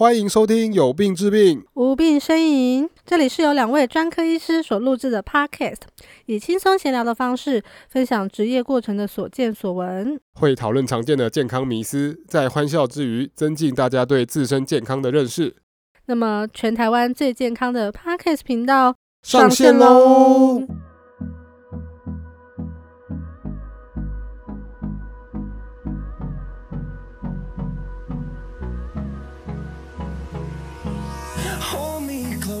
歡迎收聽《有病治病，無病呻吟》。這裡是由兩位專科醫師所錄制的 Podcast，以輕鬆閒聊的方式分享執業過程的所見所聞，會討論常見的健康迷思，在歡笑之餘增進大家對自身健康的認識。那麼，全台灣最健康的 Podcast 頻道上線嘍！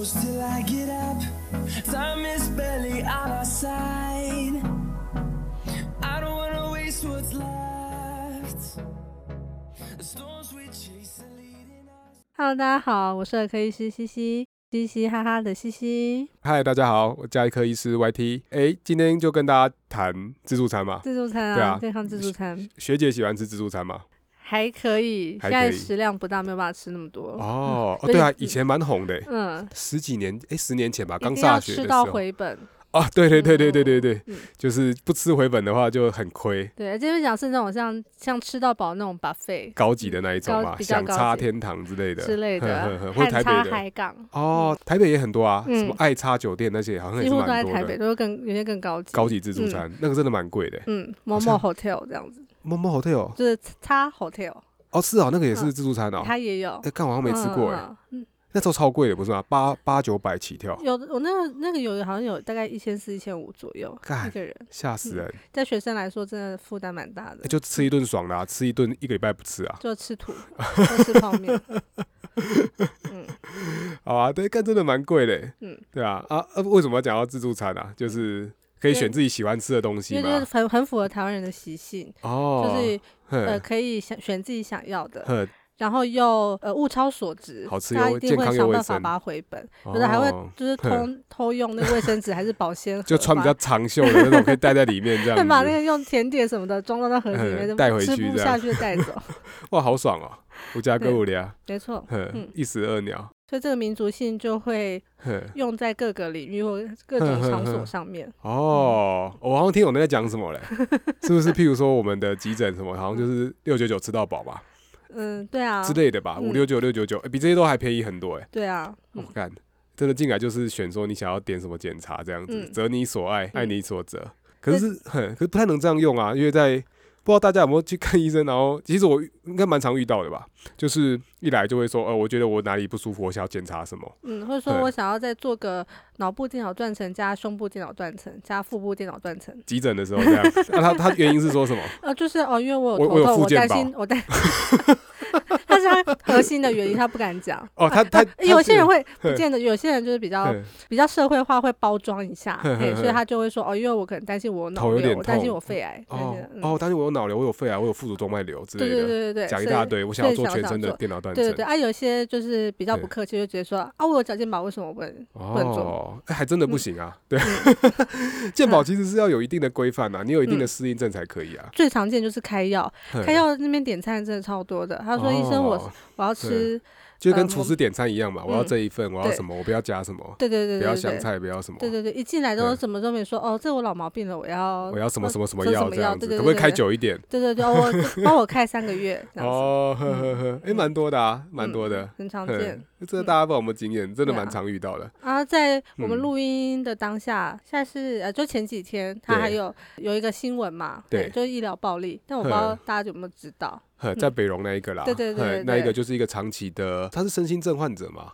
Hello，大家好，我是兒科醫師西西，嘻嘻哈哈的西西。Hi，大家好，我叫一科醫師 YT、欸。哎，今天就跟大家談自助餐嘛，自助餐啊，對康、啊、自助餐學。學姐喜歡吃自助餐嗎？還可以，現在食量不大，沒有辦法吃那麼多哦。對啊，以前蠻紅的。嗯，十幾年，哎，十年前吧，剛下學吃到回本哦，對對對對對對對，就是不吃回本的話就很虧。對，這邊講是那種像像吃到飽那種 buffet 高級的那一種嘛，像擦天堂之類的之類的，或台北的海港哦，台北也很多啊，什麼愛擦酒店那些好像也蠻多的。台北都是更有些更高級高級自助餐，那個真的蠻貴的。嗯，某某 hotel 這樣子。摸摸 hotel 就是叉 hotel 哦，是啊、哦，那個也是自助餐啊、哦嗯。他也有，哎、欸，幹我好像沒吃過哎。嗯嗯、那時候超貴的，不是嗎，八八九百起跳。有的我那個、那個有好像有大概一千四、一千五左右幹一個人，嚇死人、嗯。在學生來說，真的負擔蠻大的、欸。就吃一頓爽了、啊，吃一頓一個禮拜不吃啊，就吃土，就吃泡麵、 嗯。嗯，好啊，對幹真的蠻貴的。嗯，對啊，啊，為什麼要講到自助餐啊？就是。可以選自己喜歡吃的東西，就是很很符合台灣人的習性哦，就是呃可以選選自己想要的，然後又呃物超所值，他一定會想辦法把它回本，就是還會就是偷偷用那個衛生紙還是保鮮盒，就穿比較長袖的那種可以帶在裡面這樣，先把那個用甜點什麼的裝到那盒裡面，帶回去吃不下去，帶走，哇好爽哦，無家購物的啊。沒錯，嗯，一石二鳥。所以這個民族性就會用在各個領域或各種場所上面。哦，我好像聽我們在講什麼嘞，是不是？譬如說我們的急診什麼，好像就是六九九吃到飽吧？嗯，對啊，之類的吧。五六九六九九誒，比這些都還便宜很多誒。對啊，我看真的進來就是選說你想要點什麼檢查這樣子，擇你所愛，愛你所擇。可是很，可是不太能這樣用啊，因為在不知道大家有沒有去看醫生？然後其實我。應該蠻常遇到的吧，就是一來就會說，呃，我覺得我哪裡不舒服，我想要檢查什麼？嗯，或者說我想要再做個腦部電腦斷層加胸部電腦斷層加腹部電腦斷層。急診的時候這樣，那他他原因是說什麼？呃，就是哦，因為我有頭痛，我擔心我擔心。他是他核心的原因，他不敢講。哦，他他有些人會不見得，有些人就是比較比較社會化，會包裝一下，所以他就會說，哦，因為我可能擔心我腦瘤，我擔心我肺癌，哦，擔心我有腦瘤，我有肺癌，我有腹主動脈瘤之類的。對對對。講一大堆，我想要做全身的電腦斷層。對對對，啊，有些就是比較不客氣，對就直接說啊，我有腳健保為什麼不能、哦、不能做？哎、欸，還真的不行啊。嗯、對，嗯、 健保其實是要有一定的規範啊，你有一定的適應症才可以啊。嗯、最常見就是開藥，嗯、開藥那邊點餐真的超多的。他說醫生，哦、我我要吃。就跟廚師點餐一樣嘛，我要這一份，我要什麼，我不要加什麼，對對對，不要香菜，不要什麼，對對對，一進來都什麼都沒說，哦，這我老毛病了，我要我要什麼什麼什麼藥這樣子，可不可以開久一點？對對對，我幫我開三個月這樣子。哦，哎，蠻多的啊，蠻多的，很常見。這大家不知道我們經驗，真的蠻常遇到的。啊，在我們錄音的當下，現在是呃，就前幾天他還有有一個新聞嘛，對，就是醫療暴力，但我不知道大家有沒有知道。呵，在北榮那一個啦，嗯、對對對，對，那一個就是一個長期的，他是身心症患者嘛。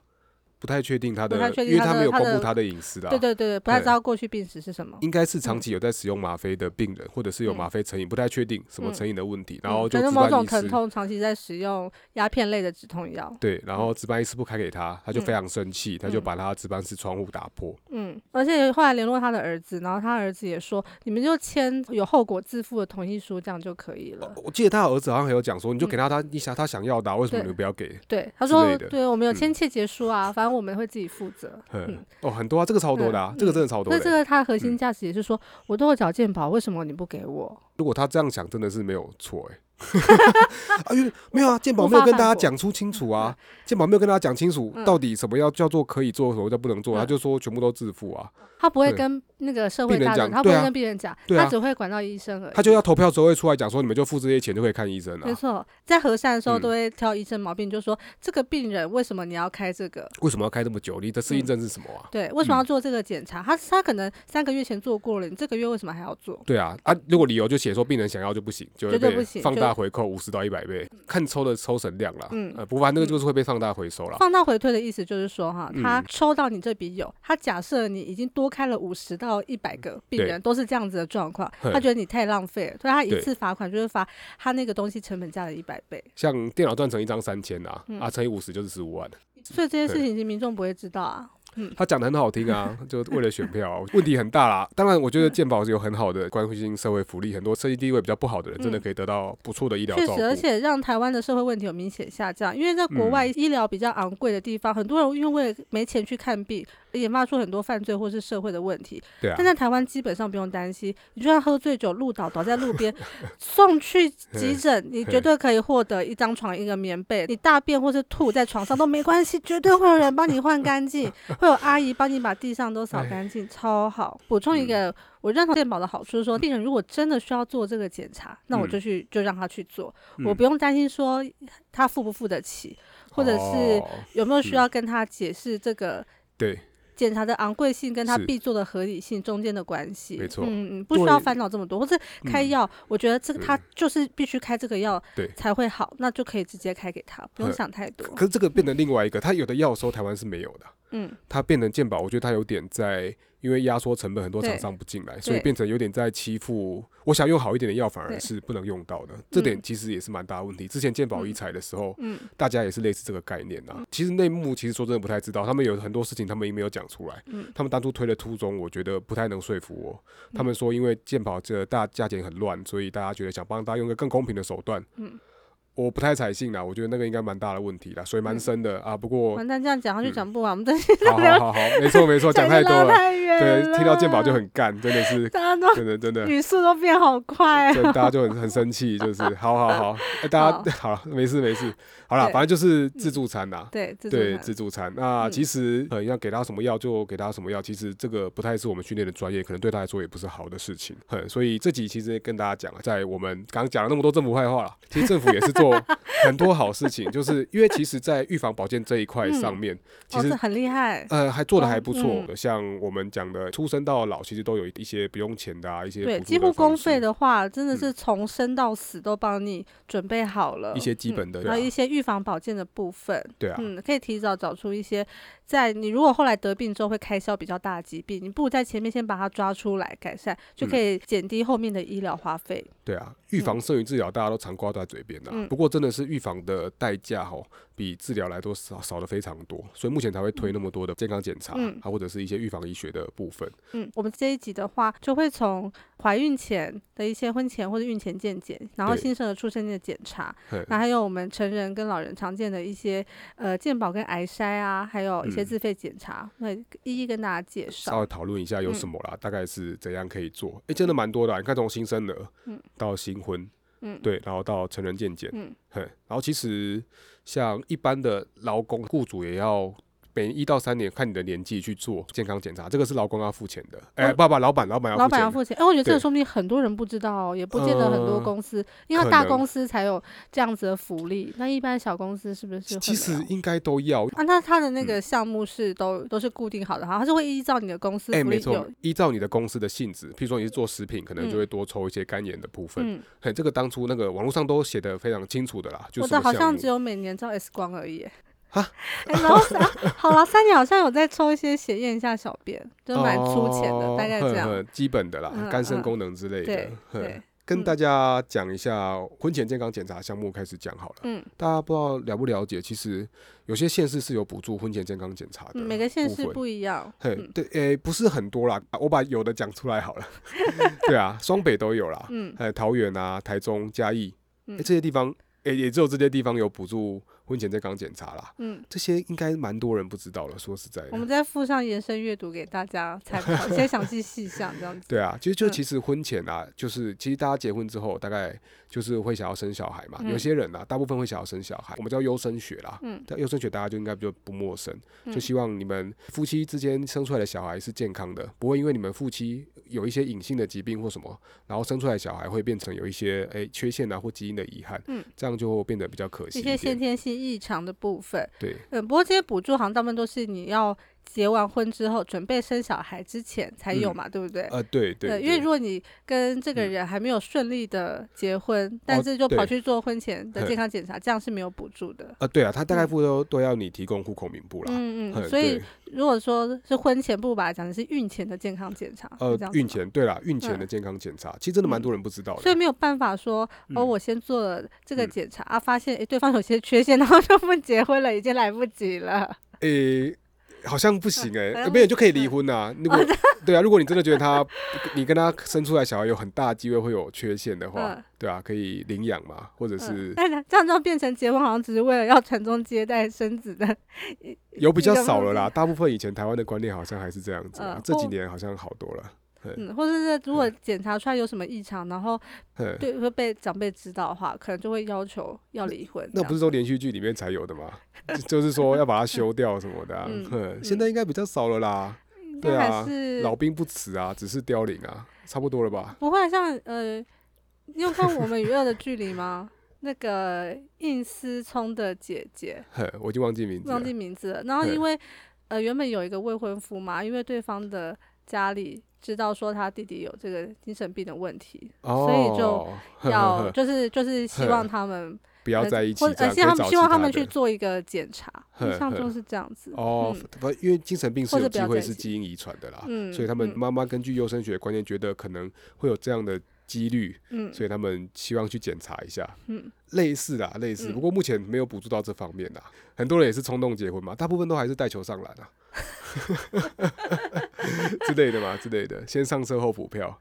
不太確定他的，他的因為他沒有公布他的隱私、啊、的，對對對，不太知道過去病史是什麼。嗯、應該是長期有在使用嗎啡的病人，或者是有嗎啡成癮，不太確定什麼成癮的問題。嗯、然後就，是可能某種疼痛長期在使用鴉片類的止痛藥。對，然後值班醫師不開給他，他就非常生氣，嗯、他就把他值班室窗戶打破。嗯，而且後來聯絡他的兒子，然後他兒子也說，你們就簽有後果自負的同意書，這樣就可以了。哦、我記得他的兒子好像還有講說，你就給他他你想他想要的，啊，為什麼你不要給？對，對，他說，對，我們有簽切結書啊，嗯、反正然後我們會自己負責，嗯、哦，很多啊，這個超多的啊，嗯嗯、這個真的超多的、欸。所以這個它的核心價值也是說，嗯、我都會找健保。為什麼你不給我？如果他這樣想，真的是沒有錯、欸、 哎。啊，沒有啊，健保沒有跟大家講出清楚啊，健保沒有跟大家講清楚到底什麼要叫做可以做，嗯、什麼叫不能做，嗯、他就說全部都自負啊。他不會跟、嗯。那個社會大眾，他不會跟病人講，他只會管到醫生而已。他就要投票時候會出來講說，你們就付這些錢就可以看醫生了。沒錯，在核刪的時候都會挑醫生毛病，就說這個病人為什麼你要開這個？為什麼要開這麼久？你的適應症是什麼啊？對，為什麼要做這個檢查？他他可能三個月前做過了，你這個月為什麼還要做？對啊啊！如果理由就寫說病人想要就不行，就對不行，放大回扣五十到一百倍，看抽的抽成量啦。嗯，不過那個就是會被放大回收啦。放大回退的意思就是說哈，他抽到你這筆有，他假設你已經多開了五十到。到一百個病人對都是這樣子的狀況，嗯、他覺得你太浪費，所以他一次罰款就是罰他那個東西成本價的一百倍。像電腦斷層一張三千啊，嗯、啊乘以五十就是十五萬。所以這些事情其實對民眾不會知道啊，嗯，他講得很好聽啊，就為了選票、啊， 問題很大啦。當然，我覺得健保是有很好的關乎性社會福利，嗯、很多社會地位比較不好的人真的可以得到不錯的醫療。確實，而且讓台灣的社會問題有明顯下降，因為在國外醫療比較昂貴的地方，嗯、很多人因為沒錢去看病。也罵出很多犯罪或是社會的問題。對啊。但在台灣基本上不用擔心，你就算喝醉酒路倒倒在路邊，送去急診，你絕對可以獲得一張床、一個棉被，你大便或是吐在床上都沒關係，絕對會有人幫你換乾淨，會有阿姨幫你把地上都掃乾淨，超好。補充一個。我認同健保的好處是說，病人如果真的需要做這個檢查，那我就去，就讓他去做，我不用擔心說他付不付得起，或者是有沒有需要跟他解釋這個。對。檢查的昂貴性跟他必做的合理性中間的關係，沒錯，嗯嗯，不需要煩惱這麼多。對或者開藥，嗯、我覺得這個他就是必須開這個藥，才會好，嗯、那就可以直接開給他，不用想太多。可是這個變成另外一個，他、嗯、有的藥收台灣是沒有的，嗯，他變成健保，我覺得他有點在。因為壓縮成本，很多廠商不進來，對所以變成有點在欺負。對我想用好一點的藥，反而是不能用到的，對這點其實也是蠻大問題。嗯、之前健保一採的時候，嗯、大家也是類似這個概念啊。嗯、其實內幕其實說真的不太知道，他們有很多事情他們也沒有講出來。嗯、他們當初推的初衷，我覺得不太能說服我。嗯、他們說，因為健保這大價錢很亂，所以大家覺得想幫大家用個更公平的手段。嗯我不太採信啦，我覺得那個應該蠻大的問題啦，水蠻深的、嗯、啊。不過，那這樣講他就講不完，嗯、我們這些好，好好好，沒錯沒錯，講 太多了，了對，聽到健保就很幹，真的是，大家都真的真的語速都變好快啊，所以大家就很很生氣，就是，好好好， 欸、大家好，好，沒事沒事。好了，反正就是自助餐吶，對，自助餐。那其實呃，要給他什麼藥就給他什麼藥，其實這個不太是我們訓練的專業，可能對他來說也不是好的事情。很，所以這集其實跟大家講了，在我們剛講了那麼多政府壞話了，其實政府也是做很多好事情，就是因為其實，在預防保健這一塊上面，其實很厲害，呃，還做得還不錯。像我們講的，出生到老，其實都有一些不用錢的啊，一些對，幾乎公費的話，真的是從生到死都幫你準備好了，一些基本的，對。預防保健的部分，對啊，嗯，可以提早找出一些，在你如果後來得病之後會開銷比較大的疾病，你不如在前面先把它抓出來改善，嗯、就可以減低後面的醫療花費。對啊。預防勝於治療，大家都常掛在嘴邊的、啊。嗯、不過真的是預防的代價，吼，比治療來都少少的非常多，所以目前才會推那麼多的健康檢查，嗯、啊，或者是一些預防醫學的部分。嗯，我們這一集的話，就會從懷孕前的一些婚前或者孕前健檢，然後新生兒出生的檢查，對那還有我們成人跟老人常見的一些呃健保跟癌篩啊，還有一些自費檢查，嗯、我會一一跟大家介紹。稍微討論一下有什麼啦，嗯、大概是怎樣可以做？誒、欸，真的蠻多的、啊，嗯、你看從新生兒到新婚，嗯，對，然後到成人健檢，嗯嘿，然後其實像一般的勞工，僱主也要。每年一到三年，看你的年紀去做健康檢查，這個是勞工要付錢的。哎、哦欸，爸爸、老板，老板，老板要付錢。哎、欸，我覺得這說不定很多人不知道、喔，對也不見得很多公司，呃、因為大公司才有這樣子的福利。能那一般小公司是不是？其實應該都要啊。那他的那個項目是都、嗯、都是固定好的哈，他是會依照你的公司福利有。哎、欸，沒錯，依照你的公司的性質，譬如說你是做食品，可能就會多抽一些肝炎的部分。嗯,嗯，這個當初那個網絡上都寫的非常清楚的啦。就是好像只有每年照 X 光而已。啊，好了？三年好像有在抽一些血驗一下小便，就蠻粗淺的，大概這樣。基本的啦，肝腎功能之類的。對，跟大家講一下婚前健康檢查項目，開始講好了。嗯，大家不知道了不了解？其實有些縣市是有補助婚前健康檢查的，每個縣市不一樣。對，誒，不是很多啦，我把有的講出來好了。對啊，雙北都有啦。嗯，哎，桃園啊、台中、嘉義，這些地方，誒，也只有這些地方有補助。婚前健康檢查啦，嗯，這些應該蠻多人不知道的。說實在的，我們在附上延伸閱讀給大家參考，先些詳細細項這樣子。 對啊，其實就其實婚前啊，嗯、就是其實大家結婚之後，大概就是會想要生小孩嘛。嗯、有些人啊，大部分會想要生小孩，我們叫優生學啦。嗯，但優生學大家就應該就不陌生，嗯、就希望你們夫妻之間生出來的小孩是健康的，不會因為你們夫妻有一些隱性的疾病或什麼，然後生出來的小孩會變成有一些誒、欸、缺陷啊或基因的遺憾。嗯，這樣就會變得比較可惜。先天性。異常的部分，對，嗯，不過這些補助好像大部分都是你要。結完婚之後，準備生小孩之前才有嘛，對不對？呃，對對。因為如果你跟這個人還沒有順利的結婚，但是就跑去做婚前的健康檢查，這樣是沒有補助的。啊，對啊，他大概不都都要你提供戶口名簿啦。嗯嗯。所以如果說是婚前部吧，講的是孕前的健康檢查。呃，這樣孕前對啦，孕前的健康檢查，其實真的蠻多人不知道的。所以沒有辦法說哦，我先做了這個檢查啊，發現誒，對方有些缺陷，然後就不結婚了，已經來不及了。誒。好像不行哎、欸，沒有、呃、就可以離婚啊？如果啊對啊，如果你真的覺得他，啊、你跟他生出來小孩有很大的機會會有缺陷的話，啊對啊，可以領養嘛，或者是……那、啊、這樣就變成結婚好像只是為了要傳宗接代、生子的。有比較少了啦，大部分以前台灣的觀念好像還是這樣子，啊、這幾年好像好多了。啊嗯，或者是如果檢查出來有什麼異常，然後對會被長輩知道的話，可能就會要求要離婚。那不是說連續劇裡面才有的嗎？就是說要把它休掉什麼的。嗯，現在應該比較少了啦。對啊，老兵不死啊，只是凋零啊，差不多了吧？不會像呃，你有看我們與惡的距離嗎？那個應思聰的姐姐，我已經忘記名字，忘記名字了。然後因為呃原本有一個未婚夫嘛，因為對方的家裡。知道說他弟弟有這個精神病的問題，所以就要就是就是希望他們不要在一起，呃，希望希望他們去做一個檢查，像就是這樣子哦，不，因為精神病是有機會是基因遺傳的啦，嗯，所以他們媽媽根據優生學觀念，覺得可能會有這樣的幾率，嗯，所以他們希望去檢查一下，嗯，類似啊，類似，不過目前沒有補助到這方面啊，很多人也是衝動結婚嘛，大部分都還是帶球上籃啊。 之類的嘛，之類的，先上車後補票。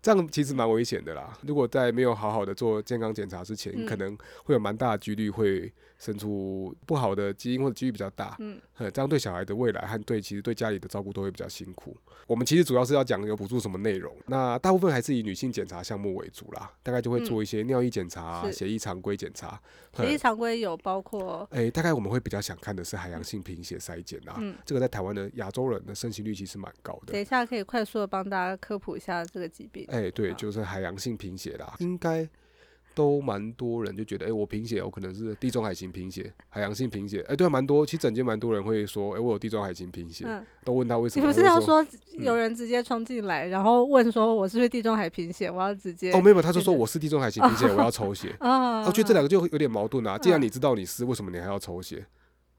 這樣其實蠻危險的啦。如果在沒有好好的做健康檢查之前，嗯、可能會有蠻大的幾率會生出不好的基因，或者幾率比較大。嗯，這樣對小孩的未來和對其實對家裡的照顧都會比較辛苦。我們其實主要是要講有補助什麼內容，那大部分還是以女性檢查項目為主啦。大概就會做一些尿液檢查、血液、嗯、常規檢查。血液常規有包括，哎、欸，大概我們會比較想看的是海洋性貧血篩檢啦。嗯、這個在台灣的亞洲人的盛行率其實蠻高的。等一下可以快速的幫大家科普一下這個疾病。哎，欸、對，就是海洋性貧血啦，應該都蠻多人就覺得，哎，我貧血，我可能是地中海型貧血、海洋性貧血。哎，對、啊，蠻多，其實整間蠻多人會說，哎，我有地中海型貧血，都問他為什麼。你不是要說有人直接衝進來，然後問說，我是不是地中海貧血？我要直接。哦，沒有，他就說我是地中海型貧血，我要抽血。啊，我覺得這兩個就有點矛盾啊。既然你知道你是，為什麼你還要抽血？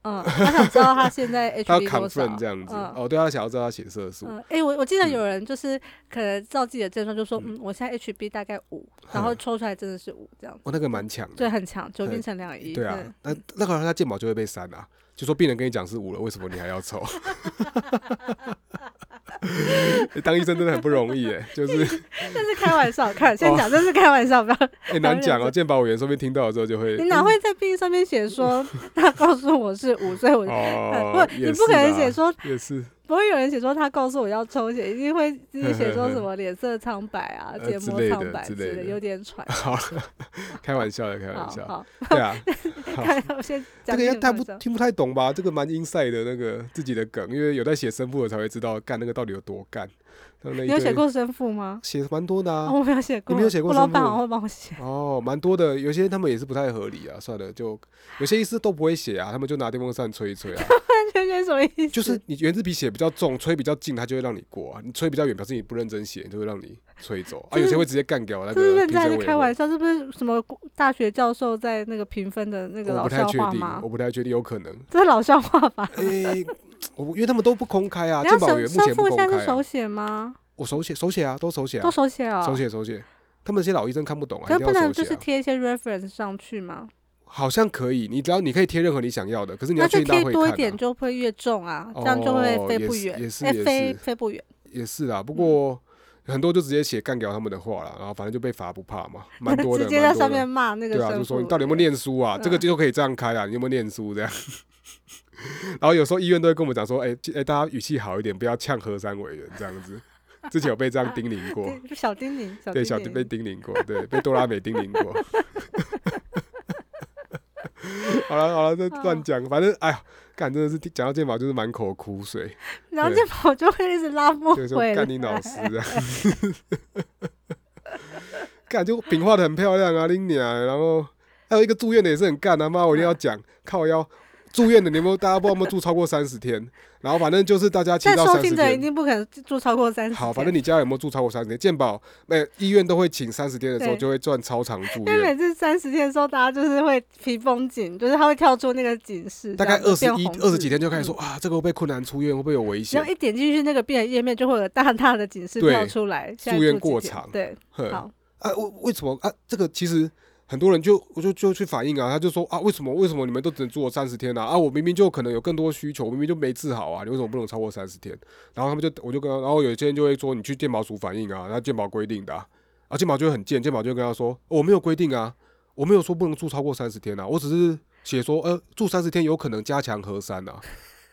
嗯，他想知道他現在 HB 多少，他要 confirm 這樣子？嗯、哦，對，他想要知道他血色素。哎、嗯欸，我我記得有人就是可能照自己的症狀，就說嗯，嗯，我現在 HB 大概五、嗯，然後抽出來真的是五這樣子。我、嗯哦、那個蠻強，對，很強，就變成兩一、嗯。對啊，對嗯、那那可能他健保就會被刪啊。就說病人跟你講是五了，為什麼你還要抽？ 當醫生真的很不容易哎、欸，就是，那 是開玩笑，看先講，那是開玩笑，吧。很難講哦。 健保委員說不定聽到了之後就會，你哪會在病歷上面寫說他告訴我是五歲，我、哦、不，你不可能寫說也是。不會有人寫說他告訴我要抽血，一定會自己寫說什麼臉色蒼白啊，結膜蒼白之類的，有點喘。好了，開玩笑的，開玩笑。對啊，我先這個也太不聽不太懂吧？這個蠻 inside 的那個自己的梗，因為有在寫生父，我才會知道幹那個到底有多幹。你有寫過生父嗎？寫蠻多的啊，我沒有寫過。你沒有寫過生父？我老闆會幫我寫。哦，蠻多的，有些他們也是不太合理啊。算了，就有些醫師都不會寫啊，他們就拿電風扇吹一吹啊。這是 什麼意思？就是你原子筆寫比較重，吹比較近，他就會讓你過啊；你吹比較遠，表示你不認真寫，就會讓你吹走 啊。有些會直接幹掉。 這是不是在開玩笑？是不是什麼大學教授在那個評分的那個老笑話嗎？我不太確定，我不太確定，有可能。 這是老話笑話吧？欸，我，因為他們都不公開啊。健保員目前不公開啊。你手寫？複三是手寫嗎？我手寫，手寫啊，都手寫，都手寫啊，手寫手寫。他們那些老醫生看不懂啊，不能就是貼一些 reference 上去嗎？好像可以，你只要你可以貼任何你想要的，可是你要貼、啊、多一點就不會越重啊，哦、這樣就會飛不遠，飛飛不遠。也是啊、欸，不過、嗯、很多就直接寫幹掉他們的話了，然後反正就被罰不怕嘛，蠻多的。直接在上面罵那個，對啊，就說你到底有沒有念書啊？嗯、這個就可以這樣開啊，你有沒有念書這樣？ 然後有時候醫院都會跟我們講說，哎、欸、哎、欸，大家語氣好一點，不要嗆河三委員這樣子。之前有被這樣叮嚀過 小叮，小叮嚀，對，小被叮嚀過，對，被哆啦美叮嚀過。 好了好了，這亂講，oh. 反正哎呀，幹真的是講到健保就是滿口的苦水，然後健保就會一直拉後腿。幹你老師，幹就餅畫得很漂亮啊，你娘。然後還有一個住院的也是很幹他、啊、媽，我一定要講， 靠腰。住院的，你們大家不知道有沒有住超過三十天？然後反正就是大家請到三十天，一定不可能住超過三十。好，反正你家有沒有住超過三十天？健保那醫院都會請三十天的時候就會賺超長住。但每次三十天的時候，大家就是會皮繃緊，就是他會跳出那個警示，大概二十一二十幾天就開始說啊，這個會被困難出院，會不會有危險？然後一點進去那個病人頁面，就會有大大的警示跳出來。住院過長，對，好，啊，為為什麼啊？這個其實。很多人就我就就去反映啊，他就說啊，為什麼為什麼你們都只能住三十天呢？啊，啊，我明明就可能有更多需求，明明就沒治好啊，你為什麼不能超過三十天？然後他們就我就跟，然後有些人就會說你去健保署反映啊，他健保規定的啊，啊，健保就會很賤，健保就跟他說我沒有規定啊，我沒有說不能住超過三十天啊，我只是寫說呃住三十天有可能加強核三啊，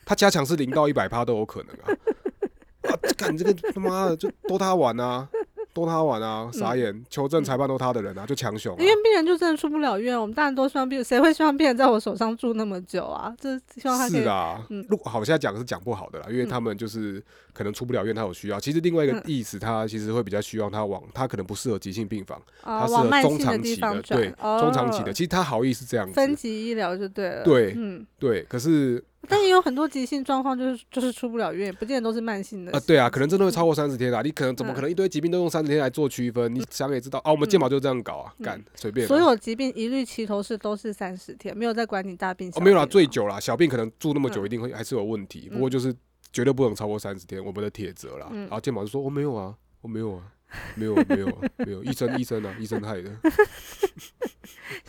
他加強是零到一百趴都有可能啊，啊，這你這個他媽的就逗他玩啊。逗他玩啊，傻眼！求證裁判都他的人啊，就強雄。因為病人就真的出不了院，我們當然都希望病人誰會希望病人在我手上住那麼久啊？這希望他。是啊，如果好現在講的是講不好的啦，因為他們就是可能出不了院，他有需要。其實另外一個意思，他其實會比較希望他往他可能不適合急性病房，他適合中長期的，對，中長期的。其實他好意是這樣，分級醫療就對了。對，對。可是。但也有很多急性狀況，就是就是出不了院，不見得都是慢性的。呃，對啊，可能真的會超過三十天啦。嗯、你可能怎麼可能一堆疾病都用三十天來做區分？嗯、你想也知道啊，我們健保就這樣搞啊，干隨、嗯、便。所有疾病一律齊頭式都是三十天，沒有在管你大病小病、啊、哦，沒有啦，最久啦，小病可能住那麼久，一定會、嗯、還是有問題。不過就是絕對不能超過三十天，我們的鐵則啦。嗯、然後健保就說：“我、哦、沒有啊，我沒有啊，沒有沒有沒有。沒有”沒有 醫生醫生啊，醫生害的。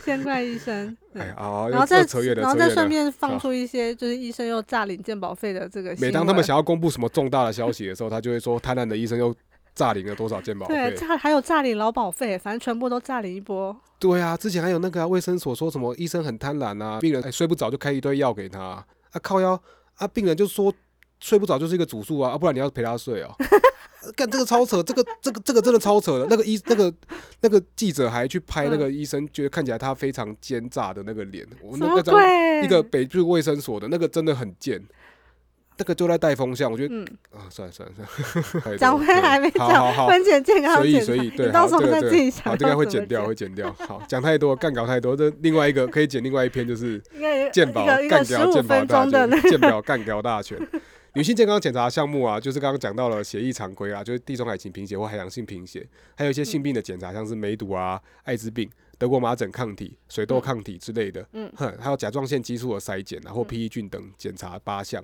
先怪醫生，哎、啊、然後再然後再順便放出一些，好就是醫生又詐領健保費的這個。每當他們想要公布什麼重大的消息的時候， 他就會說貪婪的醫生又詐領了多少健保費，對，還有詐領勞保費，反正全部都詐領一波。對啊，之前還有那個衛、啊、生所說什麼醫生很貪婪啊，病人哎、欸、睡不着就開一堆藥給他，啊靠腰啊，病人就說睡不着就是一個主訴啊，啊不然你要陪他睡哦。」 幹這個超扯，這個這個這個真的超扯的，那個醫那個那個記者還去拍那個醫生，覺得看起來他非常奸詐的那個臉。什麼鬼、欸？個一個北住衛生所的那個真的很賤，那個就在帶風向。我覺得、嗯、啊，算了算了算了。蔣輝還沒講，好，好，好，分解健、健康，所以所以對，到時候再自己想、這個。這個會剪掉，會剪掉。好，講太多，幹搞太多。這另外一個可以剪，另外一篇就是健保，幹掉健保大全，健保幹掉大全。 女性健康檢查項目啊，就是剛剛講到了血液常規啊，就是地中海型貧血或海洋性貧血，還有一些性病的檢查，像是梅毒啊、艾滋病、德國麻疹抗體、水痘抗體之類的。嗯哼、嗯，還有甲狀腺激素的篩檢、啊，然後 PE 菌等檢查八項。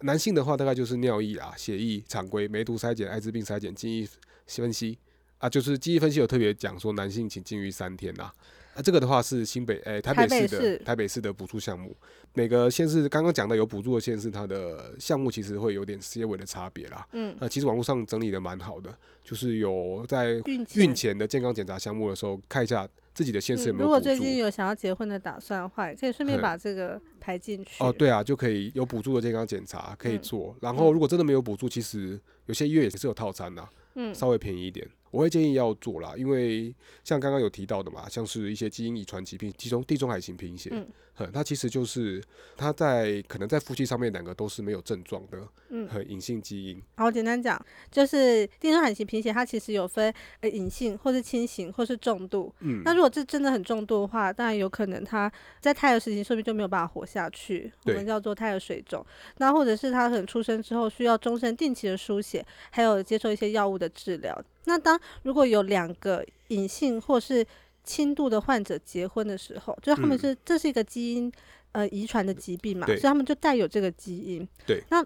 男性的話，大概就是尿液啊、血液常規、梅毒篩檢、艾滋病篩檢、精液分析啊，就是精液分析有特別講說男性請禁欲三天啊。啊，這個的話是新北誒、欸，台北市的台北市，台北市的補助項目，每個縣市剛剛講的有補助的縣市，它的項目其實會有點細微的差別啦。嗯、呃，其實網絡上整理的蠻好的，就是有在孕前的健康檢查項目的時候，看一下自己的縣市有沒有補助，嗯、如果最近有想要結婚的打算的話，可以順便把這個排進去。哦、嗯呃，對啊，就可以有補助的健康檢查可以做。嗯、然後如果真的沒有補助，其實有些醫院也是有套餐的，嗯，稍微便宜一點。我會建議要做啦，因為像剛剛有提到的嘛，像是一些基因遺傳疾病，其中地中海型貧血。嗯它其實就是，它在可能在夫妻上面兩個都是沒有症狀的，嗯，隱性基因。好，簡單講，就是地中海型貧血，它其實有分呃隱性或是輕型或是重度。嗯，那如果這真的很重度的話，當然有可能他在胎兒時期說不定就沒有辦法活下去，對我們叫做胎兒水腫。那或者是他可能出生之後需要終身定期的輸血，還有接受一些藥物的治療。那當如果有兩個隱性或是輕度的患者結婚的時候，就是他們是、嗯、這是一個基因，呃，遺傳的疾病嘛，對所以他們就帶有這個基因。對，那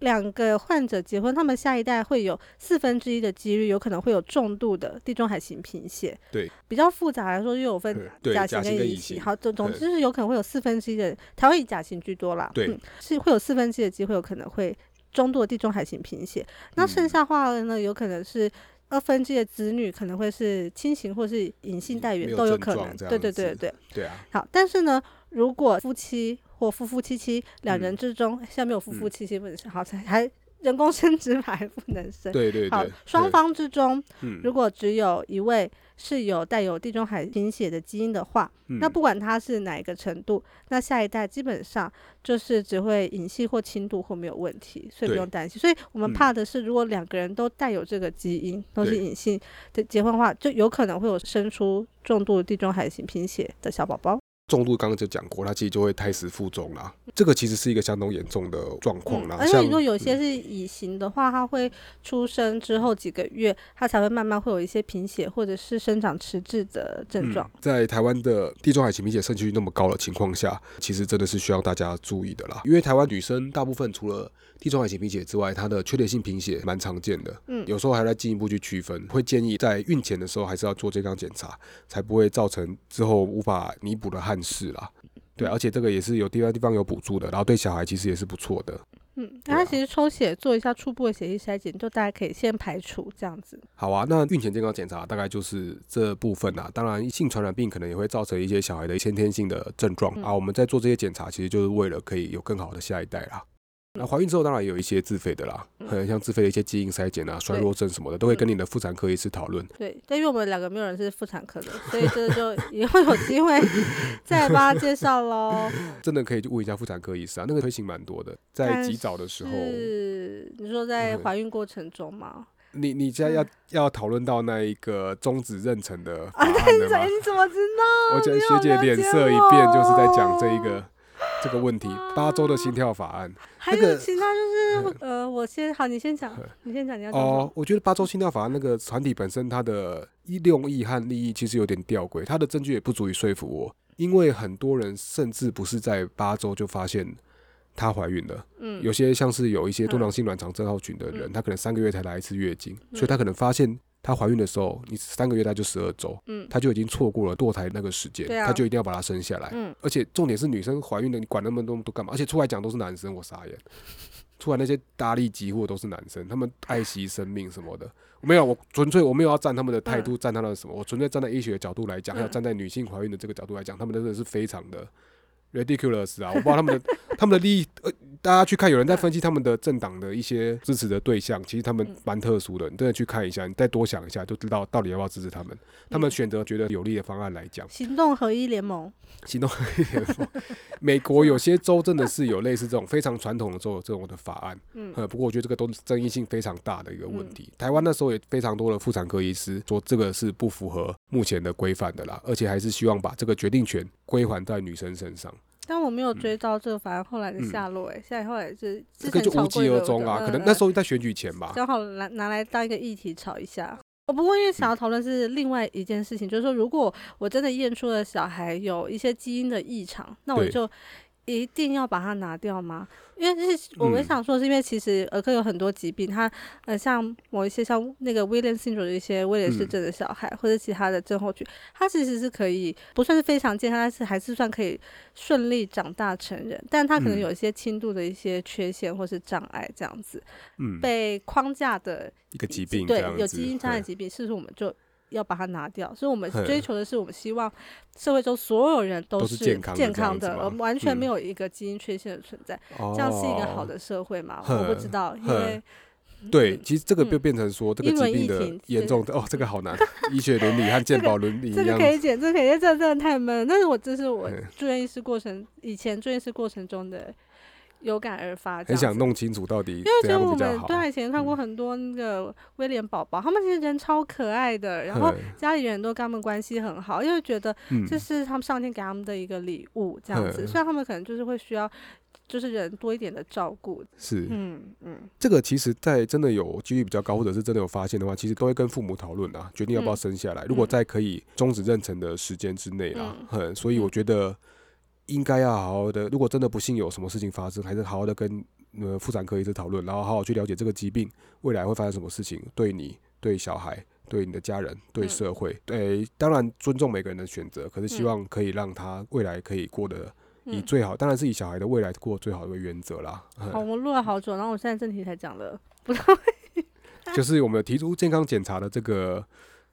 兩個患者結婚，他們下一代會有四分之一的幾率有可能會有重度的地中海型貧血。對，比較複雜來說又有分甲型跟乙型，對，甲型跟乙型，好，總之是有可能會有四分之一的，他會以甲型居多啦。對、嗯，是會有四分之一的機會有可能會中度的地中海型貧血。那剩下話呢，嗯、有可能是。二分之一的子女可能會是親情，或是隱性帶因，都有可能。對，對對對對。對啊。好，但是呢，如果夫妻或夫夫妻妻兩人之中，嗯、下面有夫夫妻妻，或者是好才還。人工生殖還不能生，對對對。好，雙方之中，嗯、如果只有一位是有帶有地中海貧血的基因的話，嗯、那不管他是哪一個程度，那下一代基本上就是只會隱性或輕度或沒有問題，所以不用擔心。對所以我們怕的是，如果兩個人都帶有這個基因，對都是隱性的結婚的話，就有可能會有生出重度地中海型貧血的小寶寶。重度剛剛就講過，它其實就會胎死腹中啦。這個其實是一個相當嚴重的狀況啦。嗯、像而且如果有些是乙型的話，嗯、它會出生之後幾個月，它才會慢慢會有一些貧血或者是生長遲滯的症狀。嗯、在台灣的地中海型貧血盛行率那麼高的情況下，其實真的是需要大家注意的啦。因為台灣女生大部分除了地中海型貧血之外，她的缺鐵性貧血蠻常見的。嗯，有時候還在進一步去區分，會建議在孕前的時候還是要做這項檢查，才不會造成之後無法彌補的害。是啦，對、啊，而且這個也是有地方地方有補助的，然後對小孩其實也是不錯的。啊、嗯，那他其實抽血做一下初步的血液篩檢，就大家可以先排除這樣子。好啊，那孕前健康檢查大概就是這部分啦、啊、當然，性傳染病可能也會造成一些小孩的先天性的症狀、嗯、啊。我們在做這些檢查，其實就是為了可以有更好的下一代啦。那懷、啊、孕之後當然有一些自費的啦，可能、嗯、像自費的一些基因篩檢啊、對衰弱症什麼的，都會跟你的婦產科醫師討論。對，但因為我們兩個沒有人是婦產科的， 所以這個就以後有機會再幫他介紹嘍。 真的可以去問一下婦產科醫師啊，那個推行蠻多的，在及早的時候。是你說在懷孕過程中嗎？嗯、你你現在要、嗯、要討論到那一個終止妊娠的啊？對，你怎你怎麼知道？我覺得講學姐臉色一變，就是在講這一個。這個問題，八周的心跳法案，那個、還有其他就是，嗯、呃，我先好，你先講，嗯、你先講，你要講講哦，我覺得八周心跳法案那個團體本身，它的一用意和利益其實有點吊詭，它的證據也不足以說服我，因為很多人甚至不是在八周就發現她懷孕了，嗯，有些像是有一些多囊性卵巢症候群的人，她、嗯、可能三個月才來一次月經，嗯、所以她可能發現。她懷孕的時候，你三個月她就十二周，嗯、她就已經錯過了墮胎那個時間，嗯、她就一定要把她生下來，嗯、而且重點是女生懷孕的，你管那麼多幹嘛？而且出來講都是男生，我傻眼，出來那些大力幾乎都是男生，他們愛惜生命什麼的，沒有，我純粹我沒有要站他們的態度，站、嗯、他們的什麼，我純粹站在醫學的角度來講，還有站在女性懷孕的這個角度來講，他們真的是非常的 ridiculous 啊，我不知道他們的 他們的利益呃。大家去看，有人在分析他們的政黨的一些支持的對象，其實他們蠻特殊的。你真的去看一下，你再多想一下，就知道到底要不要支持他們。他們選擇覺得有利的方案來講，行動合一聯盟，行動合一聯盟，美國有些州真的是有類似這種非常傳統的州有這種的法案。嗯，不過我覺得這個都是爭議性非常大的一個問題。台灣那時候也非常多的婦產科醫師說這個是不符合目前的規範的啦，而且還是希望把這個決定權歸還在女生身上。但我沒有追到這個，反而後來的下落、欸，哎、嗯，現在後來是這個就無疾而終啊，可能那時候在選舉前吧，剛好拿來當一個議題炒一下。我不過因為想要討論是另外一件事情，嗯、就是說如果我真的驗出了小孩有一些基因的異常，嗯、那我就。一定要把它拿掉嗎？因為這是，我們想說是因為其實兒科有很多疾病，嗯、它呃像某一些像那個威廉氏症的一些、嗯、威廉氏症的小孩，或者其他的症候群，它其實是可以不算是非常健康，但是還是算可以順利長大成人，但他可能有一些輕度的一些缺陷或是障礙這樣子，嗯、被框架的一個疾病，對，有基因障礙疾病，對是不是我們就？要把它拿掉，所以我們追求的是，我們希望社會中所有人都是健康的，我們完全沒有一個基因缺陷的存在，這樣是一個好的社會嘛？我不知道，因為對，其實這個就變成說這個疾病的嚴重，哦，這個好難，醫學倫理和健保倫理，這個可以剪，這個可以剪，這真的太悶。但是我這是我住院醫師過程，以前住院醫師過程中的。有感而發，很想弄清楚到底。因為覺得我們對多以前看過很多那個威廉寶寶，嗯、他們其實人超可愛的，然後家裡人都跟他們關係很好，嗯、因為覺得這是他們上天給他們的一個禮物，這樣子。嗯、雖然他們可能就是會需要，就是人多一點的照顧。是，嗯嗯。嗯，這個其實，在真的有幾率比較高，或者是真的有發現的話，其實都會跟父母討論啊，決定要不要生下來。嗯嗯、如果在可以終止妊娠的時間之內啊，很、嗯嗯，所以我覺得。應該要好好的，如果真的不幸有什麼事情發生，還是好好的跟呃婦、嗯、產科一直討論，然後好好去了解這個疾病未來會發生什麼事情，對你、對小孩、對你的家人、對社會，嗯、對當然尊重每個人的選擇，可是希望可以讓他未來可以過得以最好，嗯、當然是以小孩的未來過得最好的原則啦。嗯嗯、好，我錄了好久，然後我現在正題才講了，不是， 就是我們提出健康檢查的這個。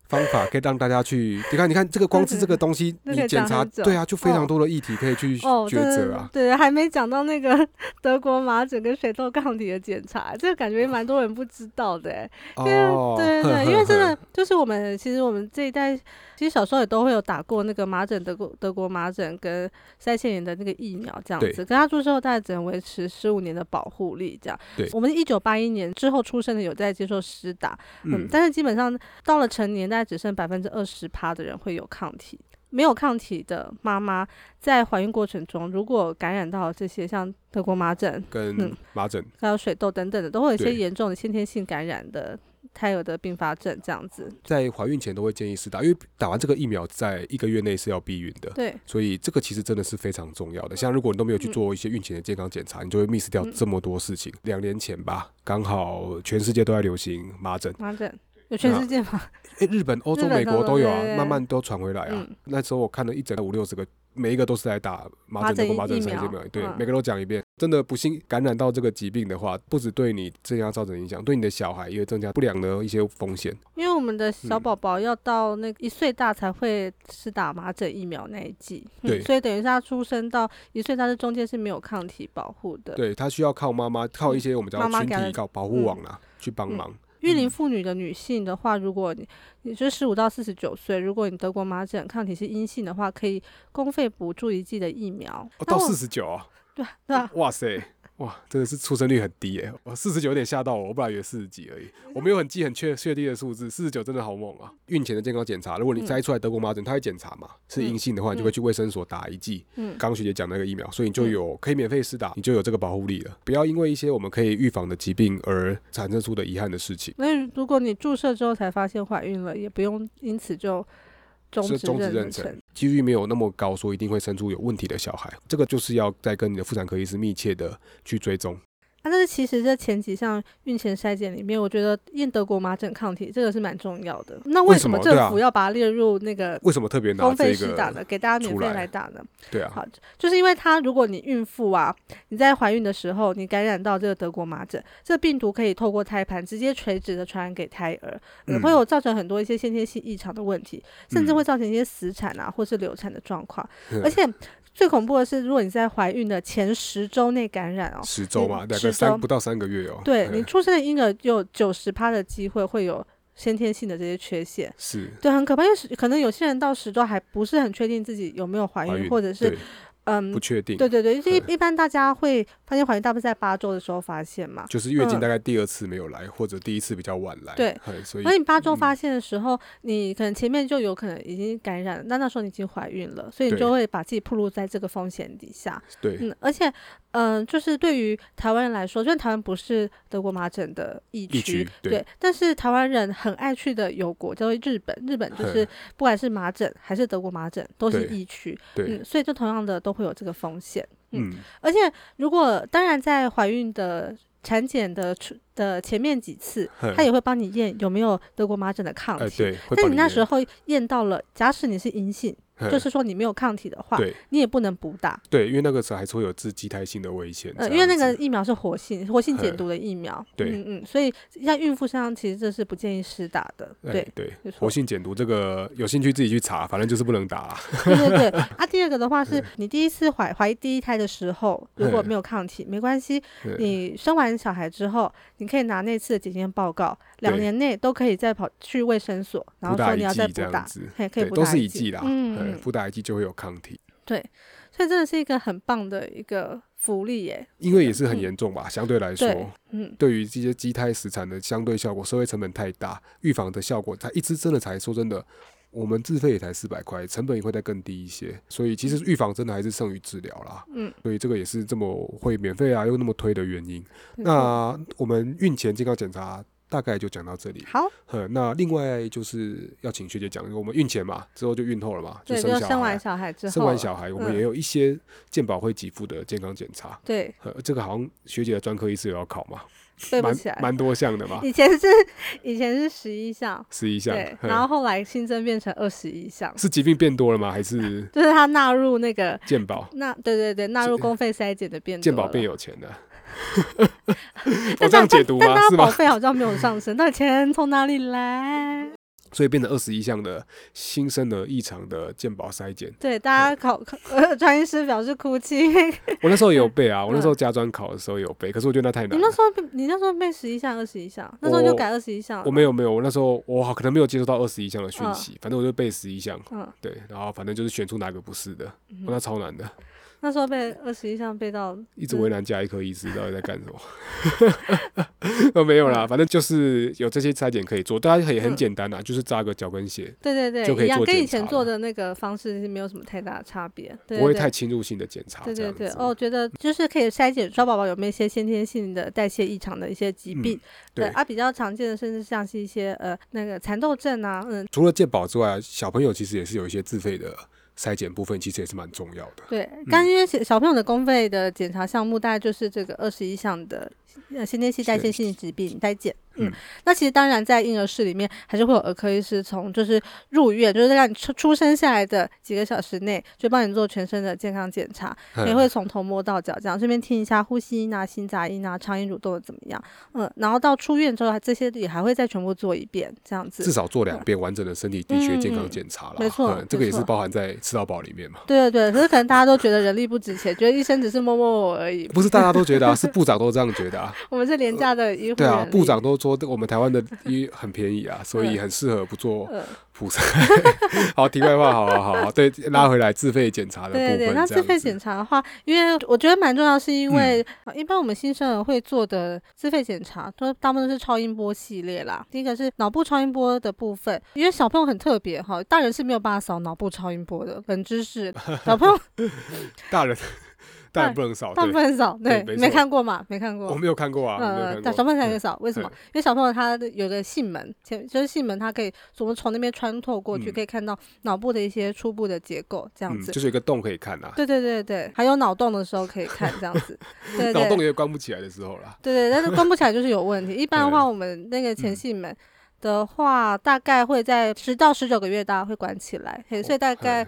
方法可以讓大家去，你看，你看這個光是這個東西， 你檢查，對啊，就非常多的議題可以去抉擇啊。哦，哦，對，還沒講到那個德國麻疹跟水痘抗體的檢查，這個感覺蠻多人不知道的欸，對，哦，對對對，呵呵呵，因為真的就是我們其實我們這一代。其實小時候也都會有打過那個麻疹、德國德國麻疹跟腮腺炎的那個疫苗，這樣子。對 跟他注射後，大概只能維持十五年的保護力，這樣。對，我們是一九八一年之後出生的有在接受施打，嗯，嗯、但是基本上到了成年，大概只剩百分之二十趴的人會有抗體。沒有抗體的媽媽在懷孕過程中，如果感染到這些，像德國麻疹、跟麻疹、嗯、還有水痘等等的，都會有一些嚴重的先天性感染的。它有的併發症這樣子，在懷孕前都會建議施打，因為打完這個疫苗在一個月內是要避孕的。對，所以這個其實真的是非常重要的。像如果你都沒有去做一些孕前的健康檢查，嗯、你就會 miss 掉這麼多事情。兩、嗯、年前吧，剛好全世界都在流行麻疹。麻疹有全世界嗎？嗯啊欸、日本、歐洲、美國都有啊，慢慢都傳回來啊。嗯、那時候我看了一整個五六十個。每一個都是來打麻疹，跟麻疹三針病。對，嗯、每個都講一遍。真的不幸感染到這個疾病的話，不止對你這樣造成影響，對你的小孩也會增加不良的一些風險。因為我們的小寶寶要到那個一歲大才會是打麻疹疫苗那一季，嗯嗯、對，所以等於是他出生到一歲大的中間是沒有抗體保護的。對，他需要靠媽媽，靠一些我們叫群體靠保護網啊去幫忙。嗯嗯育齡婦女的女性的話，如果你你是十五到四十九歲，如果你得過麻疹抗體是陰性的話，可以公費補助一劑的疫苗。哦，到四十九啊？對對、啊，哇塞！ 哇，真的是出生率很低誒、欸！我四十九有點嚇到我，我本來以為四十幾而已。我沒有很記，很確確定的數字，四十九真的好猛啊！孕前的健康檢查，如果你篩出來德國麻疹，嗯、它會檢查嘛？是陰性的話，你就會去衛生所打一劑，剛剛、嗯、學姐講那個疫苗，所以你就有、嗯、可以免費施打，你就有這個保護力了。不要因為一些我們可以預防的疾病而產生出的遺憾的事情。那如果你注射之後才發現懷孕了，也不用因此就。認是終止妊娠，幾率沒有那麼高，說一定會生出有問題的小孩，這個就是要再跟你的婦產科醫師密切的去追蹤。啊、但是，其實，在前幾項孕前篩檢裡面，我覺得驗德國麻疹抗體這個是蠻重要的。那為什麼政府要把它列入那個公費施打呢？給大家免費來打呢？對啊，好，就是因為它，如果你孕婦啊，你在懷孕的時候，你感染到這個德國麻疹，這個病毒可以透過胎盤直接垂直的傳染給胎兒，嗯、會有造成很多一些先天性異常的問題，甚至會造成一些死產啊或是流產的狀況，而且。最恐怖的是，如果你在懷孕的前十周內感染哦、喔，十周吧，大概對三週不到三個月哦、喔，對、嗯、你出生的嬰兒就有九十趴的機會會有先天性的這些缺陷，是對，很可怕，因為可能有些人到十周還不是很確定自己有沒有懷孕，孕或者是。嗯，不確定。對對對，一般大家會發現懷孕，大部分在八週的時候發現嘛，就是月經大概第二次沒有來，或者第一次比較晚來。對，所以八週發現的時候，你可能前面就有可能已經感染，那那時候你已經懷孕了，所以你就會把自己暴露在這個風險底下。對，嗯，而且，嗯，就是對於台灣人來說，因為台灣不是德國麻疹的疫區，對，但是台灣人很愛去的遊國叫做日本，日本就是不管是麻疹還是德國麻疹都是疫區，對，所以這同樣的都會有這個風險，嗯，嗯，而且如果當然在懷孕的產檢的的前面幾次，嗯、他也會幫你驗有沒有德國麻疹的抗體。呃、你但你那時候驗到了，假使你是陰性。就是說，你沒有抗體的話，嘿你也不能補打。對，因為那個時候還是會有致畸胎性的危險，呃。因為那個疫苗是活性、活性減毒的疫苗。對嘿，嗯嗯，所以像孕婦身上，其實這是不建議施打的。對對，錯活性減毒這個有興趣自己去查，反正就是不能打，啊。對對對。啊，第二個的話是，嘿你第一次懷懷疑第一胎的時候，如果沒有抗體，沒關係。你生完小孩之後，你可以拿那次的檢驗報告，兩年內都可以再跑去衛生所，然後說你要再補打，對，可以補打都是一劑的。嗯。不打一劑就會有抗體、嗯，對，所以真的是一個很棒的一個福利耶、欸。因為也是很嚴重吧，嗯、相對來說，嗯，對於這些畸胎死產的相對效果，社會成本太大，預防的效果才，它一支針的才，說真的，我們自費也才四百塊，成本也會再更低一些。所以其實預防真的還是勝於治療啦，嗯，所以這個也是這麼會免費啊，又那麼推的原因。嗯、那我們孕前健康檢查，大概就講到這裡。好，那另外就是要請學姐講，因為我們孕前嘛，之後就孕後了嘛，就生小孩，就生完小孩之後，生完小孩我們也有一些健保會給付的健康檢查。嗯，對，這個好像學姐的專科醫師也要考嘛，蠻蠻不多項的嘛以。以前是以前是十一項，十一項，然後後來新增變成二十一項，是疾病變多了嗎？還是就是他納入那個健保？納，對對對，納入公費篩檢的變健保變有錢了。 我這樣解讀嗎？是嗎？好像沒有上升，嗎 到底錢從哪裡來？所以變成二十一項的新生兒異常的健保篩檢。對，大家考、嗯、考呃，傳醫師表示哭泣。我那時候有背啊，我那時候家專考的時候有背，對可是我覺得那太難了你那。你那時候你那時候背十一項二十一項，那時候就改二十一項。我沒有沒有，我那時候我可能沒有接收到二十一項的訊息，呃、反正我就背十一項。嗯、呃，對，然後反正就是選出哪個不是的，嗯、哼那超難的。那時候被二十一項背到，一直為難加一顆醫師到底在幹什麼？都 沒有啦，反正就是有這些篩檢可以做，當然也很簡單吶，嗯、就是扎個腳跟鞋。對對對，就可以做，一樣跟以前做的那個方式是沒有什麼太大的差別。對對對不會太侵入性的檢查。對,對對對，哦，覺得就是可以篩檢抓寶寶有沒有一些先天性的代謝異常的一些疾病，嗯、對,對啊，比較常見的甚至像是一些呃那個蠶豆症啊，嗯。除了健保之外，小朋友其實也是有一些自費的。篩檢部分其實也是蠻重要的。對，剛因為小朋友的公費的檢查項目，大概就是這個二十一項的。呃，先天性、代謝性疾病，代檢。嗯，那其實當然在嬰兒室裡面，還是會有兒科醫師從，就是入院，就是讓你出出生下來的幾個小時內，就幫你做全身的健康檢查，也會從頭摸到腳這樣，順便聽一下呼吸音啊、心雜音啊、腸音蠕動怎麼樣。嗯，然後到出院之後，這些也還會再全部做一遍，這樣子。至少做兩遍完整的身體理學健康檢查了。沒錯，這個也是包含在吃到飽裡面嘛。對對對，可是可能大家都覺得人力不值錢，覺得醫生只是摸摸我而已。不是大家都覺得啊，是部長都這樣覺得。我們是廉價的醫、呃，對啊，部長都說我們台灣的醫很便宜啊， 所以很適合不做普查、呃呃。 好，題外話，好好好，好，對，拉回來自費檢查的部分。對，對對，那自費檢查的話，因為我覺得蠻重要，是因為、嗯、一般我們新生兒會做的自費檢查，都大部分都是超音波系列啦。第一個是腦部超音波的部分，因為小朋友很特別哈，大人是沒有辦法掃腦部超音波的，本知識小朋友， 大人，大部分不能少，大部分不能少，對，沒看過嘛，沒看過，我沒有看過啊，嗯，但小朋友才很少，為什麼？因為小朋友他有個囟門，前就是囟門，他可以，我們從那邊穿透過去，可以看到腦部的一些初步的結構，這樣子，就是一個洞可以看啊。對對對對，還有腦洞的時候可以看這樣子，腦洞也關不起來的時候啦。對對，但是關不起來就是有問題，一般的話，我們那個前囟門的話，大概會在十到十九個月大會關起來，所以大概。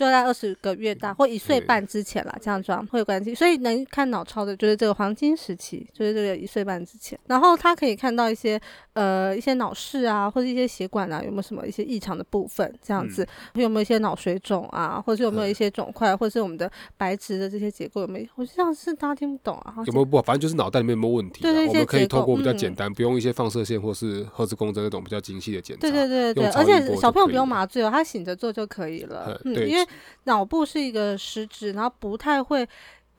就在二十個月大或一歲半之前啦，這樣子會有關係。所以能看腦超的，就是這個黃金時期，就是這個一歲半之前。然後他可以看到一些呃一些腦室啊，或者一些血管啊，有沒有什麼一些異常的部分？這樣子、嗯、有沒有一些腦水腫啊，或者有沒有一些腫塊，或者是我們的白質的這些結構有沒有？嗯、我知道是大家聽不懂啊？有沒有不好？反正就是腦袋裡面有沒有問題？對，我們可以透過比較簡單，嗯、不用一些放射線或是核磁共振那種比較精細的檢查。對，對對對對，而且小朋友不用麻醉哦、喔，他醒着做就可以了，嗯、對。因為。腦部是一個實質，然後不太會。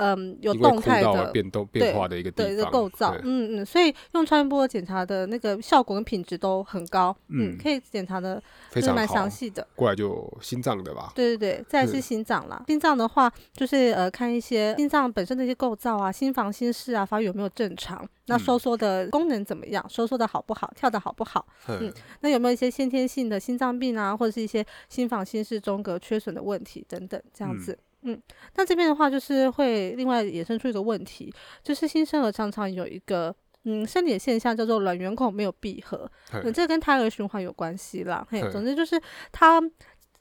嗯，有動態的變，動變化的一個一個構造，嗯對嗯，所以用超聲波檢查的那個效果跟品質都很高，嗯，嗯，可以檢查的非常蠻詳細的。過來就心臟的吧？對對對，再來是心臟啦。是心臟的話，就是呃，看一些心臟本身的一些構造啊，心房、心室啊，發育有沒有正常？那收縮的功能怎麼樣？收縮的好不好？跳的好不好？嗯，嗯，那有沒有一些先天性的心臟病啊，或者是一些心房、心室中隔缺損的問題等等這樣子。嗯嗯，那這邊的話就是會另外衍生出一個問題，就是新生兒常常有一個嗯生理的現象叫做卵圓孔沒有閉合，嘿 嗯，這跟胎兒循環有關係啦。嘿，嘿總之就是他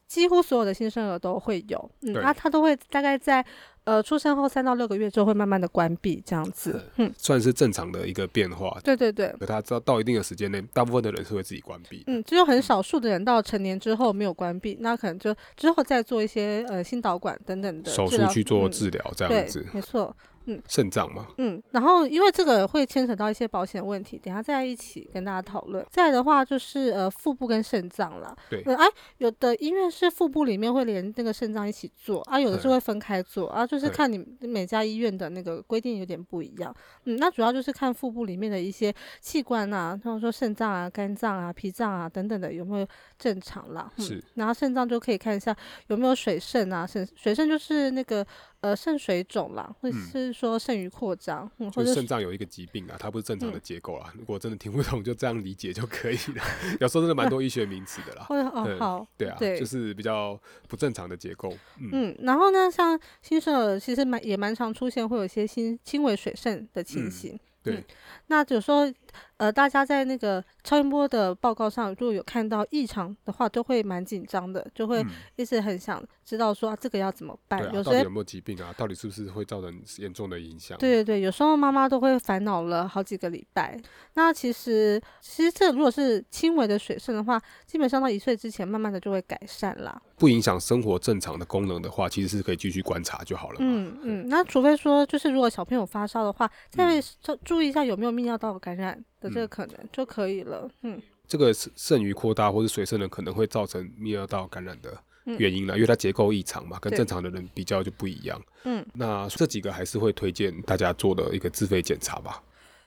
幾乎所有的新生兒都會有，嗯，那他對、啊、都會大概在。呃，出生後三到六個月之後會慢慢的關閉，這樣子，嗯嗯、算是正常的一個變化。對對對，可他知道到一定的時間內，大部分的人是會自己關閉。嗯，只有很少數的人到成年之後沒有關閉，嗯、那可能就之後再做一些呃心導管等等的手術去做治療，這樣子。嗯、對沒錯。腎臟、嗯、嗎？嗯，然後因為這個會牽扯到一些保險問題，等下再一起跟大家討論。再來的話就是呃腹部跟腎臟啦。對、呃。有的醫院是腹部裡面會連那個腎臟一起做啊，有的是會分開做、嗯、啊，就是看你每家醫院的那個規定有點不一樣。嗯,嗯，那主要就是看腹部裡面的一些器官啊，譬如說腎臟啊、肝臟啊、脾臟啊等等的有沒有正常啦。嗯，是然後腎臟就可以看一下有沒有水腎啊，腎水腎就是那個。呃，腎水腫啦，或者是說腎盂擴張，就腎臟有一個疾病啊，它不是正常的結構啊。嗯、如果真的聽不懂，就這樣理解就可以了。有時候真的蠻多醫學名詞的啦。會很好，對啊，對，就是比較不正常的結構。嗯，嗯，然後呢，像新生兒其實蠻也蠻常出現，會有一些輕輕微水腎的情形。嗯、對、嗯，那有時候。呃，大家在那個超音波的報告上，如果有看到異常的話，都會蠻緊張的，就會一直很想知道說、啊、這個要怎麼辦？啊、有時到底有沒有疾病啊？到底是不是會造成嚴重的影響？對對對，有時候媽媽都會煩惱了好幾個禮拜。那其實，其實這如果是輕微的水腎的話，基本上到一歲之前，慢慢的就會改善啦。不影響生活正常的功能的話，其實是可以繼續觀察就好了。嗯嗯，那除非說，就是如果小朋友發燒的話，再注、嗯、注意一下有沒有泌尿道的感染。的這個可能、嗯、就可以了，嗯，這個腎盂擴大或是水腎的可能會造成泌尿道感染的原因呢？嗯、因為它結構異常嘛，跟正常的人比較就不一樣，嗯對，那這幾個還是會推薦大家做的一個自費檢查吧。